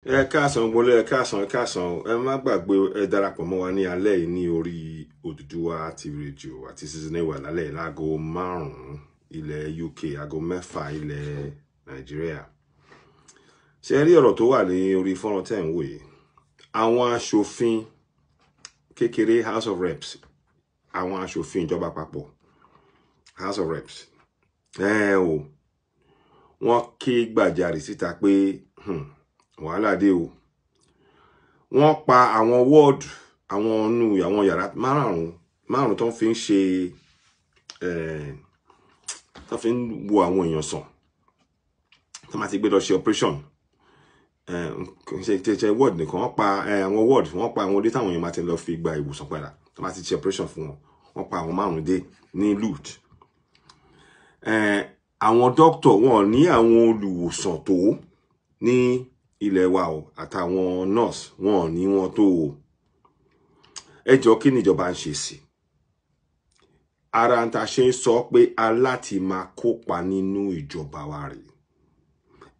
ẹ káàsán gbọ́nlé ẹ káàsán ẹ káàsán ẹ má gbàgbé ẹ darapọ̀ mọ́ wa ní alẹ́ yìí ní orí Odùduwà TV rédíò àti sísínéwà lálẹ́ yìí láago márùn-ún UK aago mẹ́fà ilẹ̀ Nàìjíríà ṣe rí ọ̀rọ̀ tó wà ní orí fọ́nrán tẹ̀ ń wò yìí àwọn aṣòfin kékeré House of Reps àwọn aṣòfin ìjọba àpapọ̀ House of Reps ẹ eh, o wọ́n ké gbàjarì síta pé. Hmm, wàhálà dé o wọ́n pa àwọn wọ́ọ̀dù àwọn ọ̀nù àwọn yàrá márùn-ún márùn-ún tó fi ń ṣe eh, tó fi ń wo àwọn èèyàn sàn tó máa ti gbé lọ ṣe operation eh, ṣe ṣe ward nìkan wọ́n pa eh, àwọn ward wọ́n pa àwọn ọdẹ táwọn èèyàn máa ti lọ fi gba ìwòsàn padà tó máa ti ṣe operation fún wọn wọ́n pa àwọn márùn-ún dé ní lude àwọn dókítà wọn ní àwọn olùwòsàn tó ní ilẹ̀ wa o àtàwọn nurse wọn ò ní wọn tó o ẹ kí níjọba ń ṣe sí ara ń ta ṣe ń sọ pé aláti máa kópa nínú ìjọba wa rèé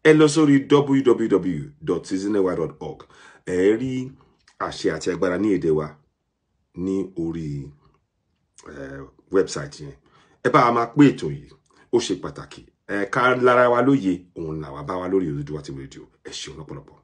ẹ lọ sórí www.citizenwide.org ẹ rí àṣẹ àti agbára ní èdè wa ní orí eh, wẹ́bsáìtì yẹn ẹ bá a máa pé ètò yìí ó ṣe pàtàkì ẹ ká lára wa lóye òun làwà bá wa lórí Oòduà TV rédíò ẹ ṣeun lọ́pọ̀lọpọ̀.